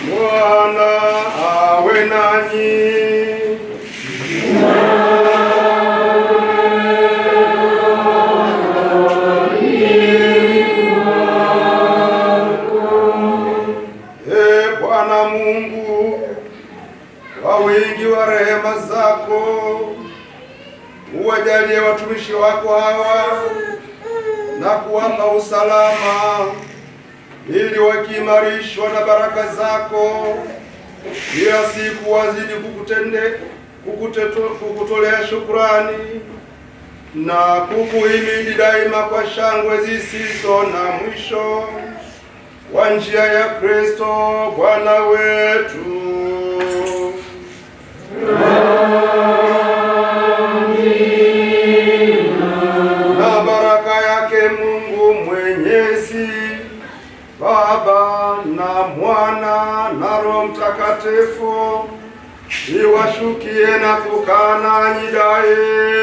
Bwana awe nanyi. E Bwana Mungu, kwa wa rehema zako uwajalie watumishi wako hawa na kuwapa usalama ili wakiimarishwa na baraka zako, kila siku wazidi kukutende kukuteto, kukutolea shukurani na kukuhimidi daima kwa shangwe zisizo na mwisho kwa njia ya Kristo Bwana wetu. Amina. Na baraka yake Mungu Mwenyezi Baba na Mwana na Roho Mtakatifu, iwashukie na kukaa nanyi daima.